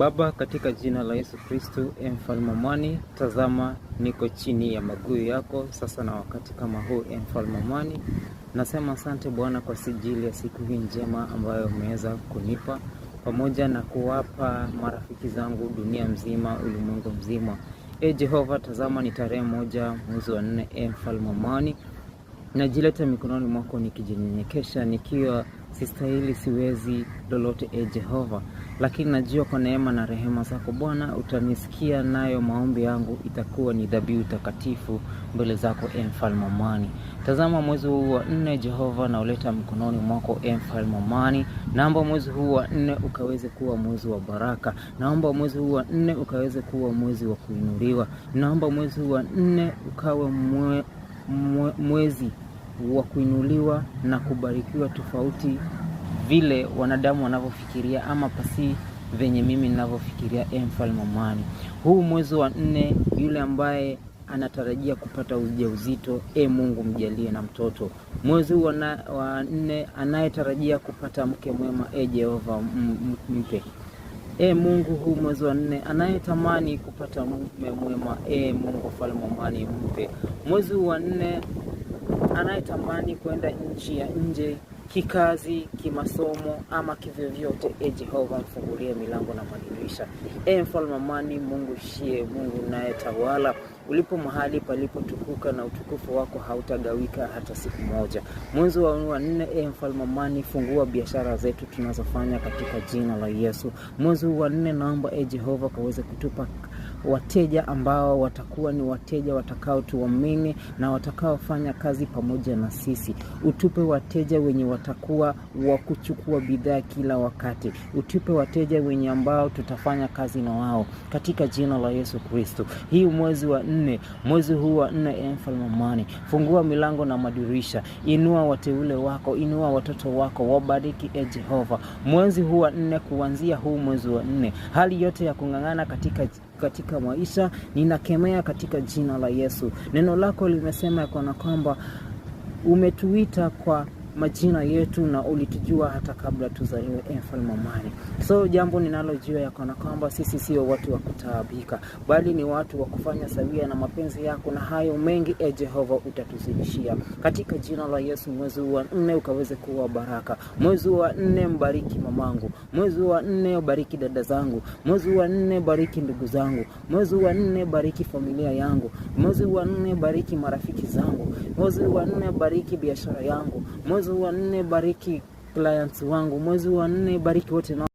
Baba, katika jina la Yesu kristo e mfalme mwani, tazama niko chini ya maguu yako sasa na wakati kama huu. E mfalme mwani, nasema asante Bwana kwa sijili ya siku hii njema ambayo umeweza kunipa pamoja na kuwapa marafiki zangu dunia mzima, ulimwengu mzima. E Jehova, tazama ni tarehe moja mwezi wa nne. E mfalme mwani, najileta mikononi mwako nikijinyenyekesha, nikiwa sistahili, siwezi lolote. E Jehova, lakini najua kwa neema na rehema zako Bwana utanisikia, nayo maombi yangu itakuwa ni dhabihu takatifu mbele zako, e mfalme amani. Tazama mwezi huu wa nne, Jehova, nauleta mkononi mwako, e mfalme amani. Naomba mwezi huu wa nne ukaweze kuwa mwezi wa baraka. Naomba mwezi huu wa nne ukaweze kuwa mwezi wa kuinuliwa. Naomba mwezi huu wa nne ukawe mwe, mwe, mwezi wa kuinuliwa na kubarikiwa tofauti vile wanadamu wanavyofikiria ama pasi venye mimi ninavyofikiria. E mfalme huu mwezi wa nne, yule ambaye anatarajia kupata ujauzito, e Mungu mjalie na mtoto. Mwezi wa nne, anayetarajia kupata mke mwema, e Jehova mpe. E Mungu, huu mwezi wa nne, anayetamani kupata mume mwema, e Mungu mfalme amani mpe. Mwezi wa nne, anayetamani kwenda nchi ya nje kikazi, kimasomo ama kivyovyote. E Jehova, mfungulie milango na madirisha. E mfalme amani, Mungu shie, Mungu naye tawala. Ulipo mahali palipotukuka na utukufu wako hautagawika hata siku moja. Mwezi wa nne, e mfalme amani, fungua biashara zetu tunazofanya katika jina la Yesu. Mwezi wa nne, naomba e Jehova kaweze kutupa wateja ambao watakuwa ni wateja watakaotuamini na watakaofanya kazi pamoja na sisi. Utupe wateja wenye watakuwa wa kuchukua bidhaa kila wakati. Utupe wateja wenye ambao tutafanya kazi na wao katika jina la Yesu Kristo. Hii mwezi wa nne, mwezi huu wa nne, e mfalme amani, fungua milango na madirisha, inua wateule wako, inua watoto wako, wabariki e Jehova, mwezi huu wa nne, kuanzia huu mwezi wa nne, hali yote ya kung'ang'ana katika katika maisha, ninakemea katika jina la Yesu. Neno lako limesema ya kwamba umetuita kwa majina yetu na ulitujua hata kabla tuzaliwe, e mfalme wa So jambo ninalojua ya kana kwamba sisi sio watu wa kutaabika, bali ni watu wa kufanya sawia na mapenzi yako, na hayo mengi e Jehova utatuzidishia katika jina la Yesu. Mwezi wa nne ukaweze kuwa baraka, mwezi wa nne mbariki mamangu, mwezi wa nne bariki dada zangu, mwezi wa nne bariki ndugu zangu, mwezi wa nne bariki familia yangu, mwezi wa nne bariki marafiki zangu, mwezi wa nne bariki biashara yangu Mwezi wa nne bariki clients wangu, mwezi wa nne bariki wote na